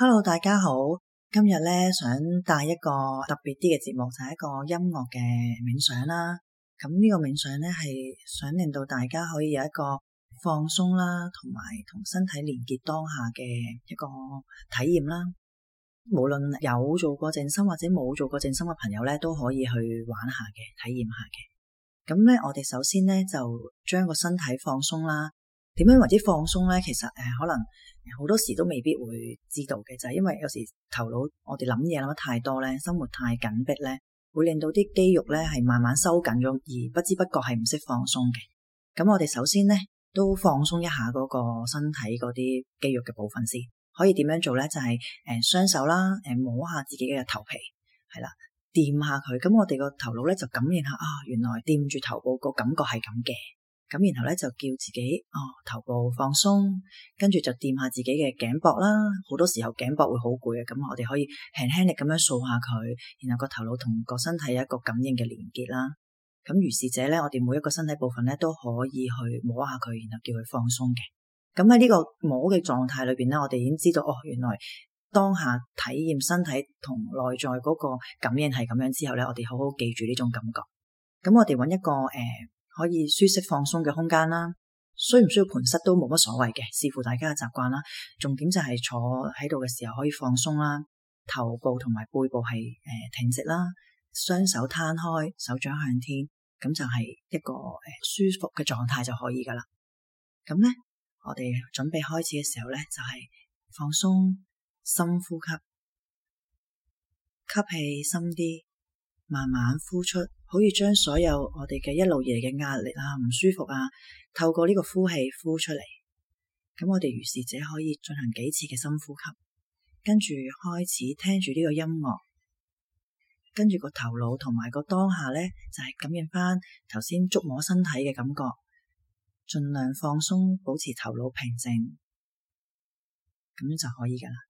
Hello，大家好。今日咧想帶一個特別啲嘅節目，就係、是、一個音樂嘅冥想啦。咁呢個冥想咧係想令到大家可以有一個放鬆啦，同埋同身體連結當下嘅一個體驗啦。無論有做過靜心或者冇做過靜心嘅朋友咧，都可以去玩下嘅，體驗下嘅。咁咧，我哋首先咧就將個身體放鬆啦。點樣為之放鬆咧？其實誒，可能好多時都未必會知道嘅，就係因為有時頭腦我哋諗嘢諗得太多咧，生活太緊迫咧，會令到啲肌肉咧係慢慢收緊咗，而不知不覺係唔識放鬆嘅。咁我哋首先咧都放鬆一下嗰個身體嗰啲肌肉嘅部分先。可以點樣做咧？就係誒雙手啦，誒摸下自己嘅頭皮，係啦，掂下佢。咁我哋個頭腦咧就感受下啊，原來掂住頭部個感覺係咁嘅。咁然後咧就叫自己哦頭部放鬆，跟住就掂下自己嘅頸膊啦。好多時候頸膊會好攰嘅，咁我哋可以輕輕力咁樣掃下佢，然後個頭腦同個身體有一個感應嘅連結啦。咁如是者咧，我哋每一個身體部分咧都可以去摸下佢，然後叫佢放鬆嘅。咁喺呢個摸嘅狀態裏邊咧，我哋已經知道哦，原來當下體驗身體同內在嗰個感應係咁樣之後咧，我哋好好記住呢種感覺。咁我哋揾一個誒。呃可以舒適放鬆嘅空間啦，需唔需要盤膝都冇乜所謂嘅，視乎大家嘅習慣啦。重點就係坐喺度嘅時候可以放鬆啦，頭部同埋背部係誒挺直啦，雙手攤開，手掌向天，咁就係一個誒舒服嘅狀態就可以噶啦。咁咧，我哋準備開始嘅時候咧，就係、是、放鬆深呼吸，吸氣深啲，慢慢呼出。可以將所有我哋嘅一路以嚟嘅壓力啊、唔舒服啊，透過呢個呼氣呼出嚟。咁我哋如是者可以進行幾次嘅深呼吸，跟住開始聽住呢個音樂，跟住個頭腦同埋個當下咧，就係感應翻頭先觸摸身體嘅感覺，盡量放鬆，保持頭腦平靜，咁樣就可以噶啦。